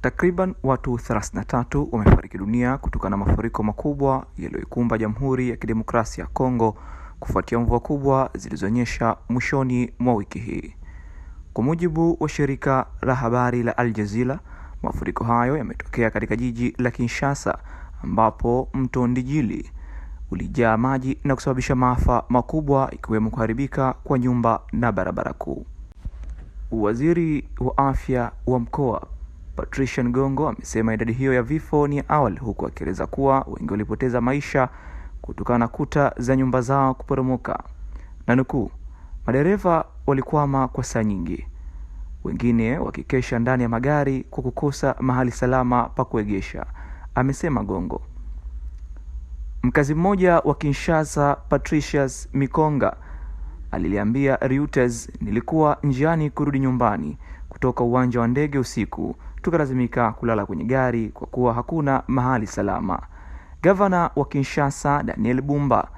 Takriban watu 33 wamefariki dunia kutokana na mafuriko makubwa yaliyoikumba Jamhuri ya Kidemokrasia ya Kongo kufuatia mvua kubwa zilizonyesha mwishoni mwa wiki hii. Kwa mujibu wa shirika la habari la Al Jazeera, mafuriko hayo yametokea katika jiji la Kinshasa ambapo mto Ndijili ulijaa maji na kusababisha maafa makubwa ikiwemo kuharibika kwa nyumba na barabara kuu. Waziri wa afya wa mkoa Patricia Ngongo amesema idadi hiyo ya vifo ni awali, huku akieleza kuwa wengi walipoteza maisha kutokana na kuta za nyumba zao kuporomoka, na nukuu, madereva walikwama kwa saa nyingi, wengine wakikesha ndani ya magari kwa kukosa mahali salama pa kuegesha, amesema Gongo. Mkazi mmoja wa Kinshasa, Patricius Mikonga, aliliambia Reuters, nilikuwa njiani kurudi nyumbani kutoka uwanja wa ndege usiku, tukalazimika kulala kwenye gari kwa kuwa hakuna mahali salama. Gavana wa Kinshasa, Daniel Bumba,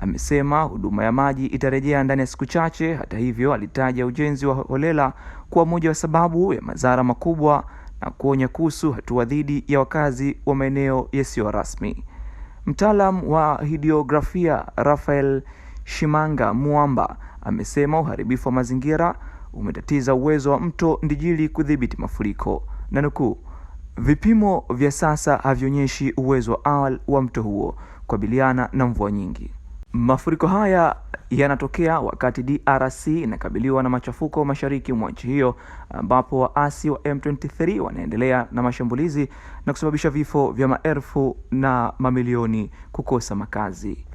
amesema huduma ya maji itarejea ndani ya siku chache. Hata hivyo, alitaja ujenzi wa holela kuwa moja wa sababu ya madhara makubwa na kuonya kuhusu hatua dhidi ya wakazi wa maeneo yasiyo rasmi. Mtaalam wa hidiografia Rafael Shimanga Mwamba amesema uharibifu wa mazingira umetatiza uwezo wa mto Ndijili kudhibiti mafuriko na nukuu, vipimo vya sasa havionyeshi uwezo wa awal wa mto huo kukabiliana na mvua nyingi. Mafuriko haya yanatokea wakati DRC inakabiliwa na machafuko mashariki mwa nchi hiyo ambapo waasi wa M23 wanaendelea na mashambulizi na kusababisha vifo vya maelfu na mamilioni kukosa makazi.